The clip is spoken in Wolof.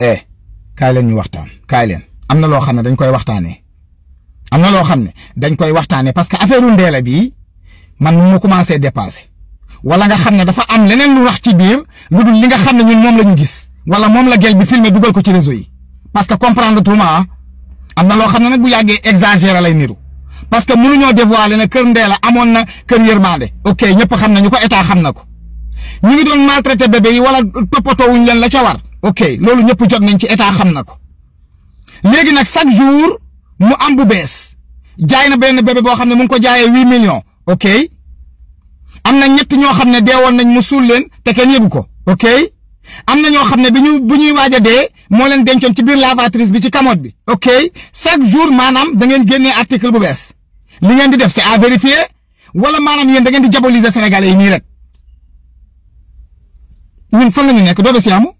eh kaay leen ñu waxtaan kaay leen am na loo xam ne dañ koy waxtaanee am na loo xam ne dañ koy waxtaanee parce que affaire u Ndella bii man mu commencé dépassé wala nga xam ne dafa am leneen lu wax ci biir lu dul li nga xam ne ñun moom la ñu gis wala moom la gel bi filmé dugal ko ci réseau yi parce que comprendre tout am na loo xam ne nag bu yàggee exagéré lay niru parce que mënuñoo dévoiler na kër Ndella amoon na kër yërmande ok ñëpp xam nañu ko état xam na ko ñu ngi doon maltraité bébé yi wala toppatoo wuñ leen la ca ok loolu ñëpp jot nañ ci état xam na ko léegi nag chaque jour mu am bu bees jaay na benn bébé boo xam ne mu ko jaayee wii millions ok am na ñett ñoo xam ne deewoon nañ mu suul leen te kenn ko ok am na ñoo xam ne bi ñu bu ñuy waaj a dee moo leen dencoon ci biir lavatrice bi ci kamoot bi ok chaque jour maanam da ngeen génnee article bu bees li ngeen di def si à vérifier wala maanaam yéen da ngeen di diaboliser sénégalais yi nii rek ñun fan la ñu nekk doo ba si amu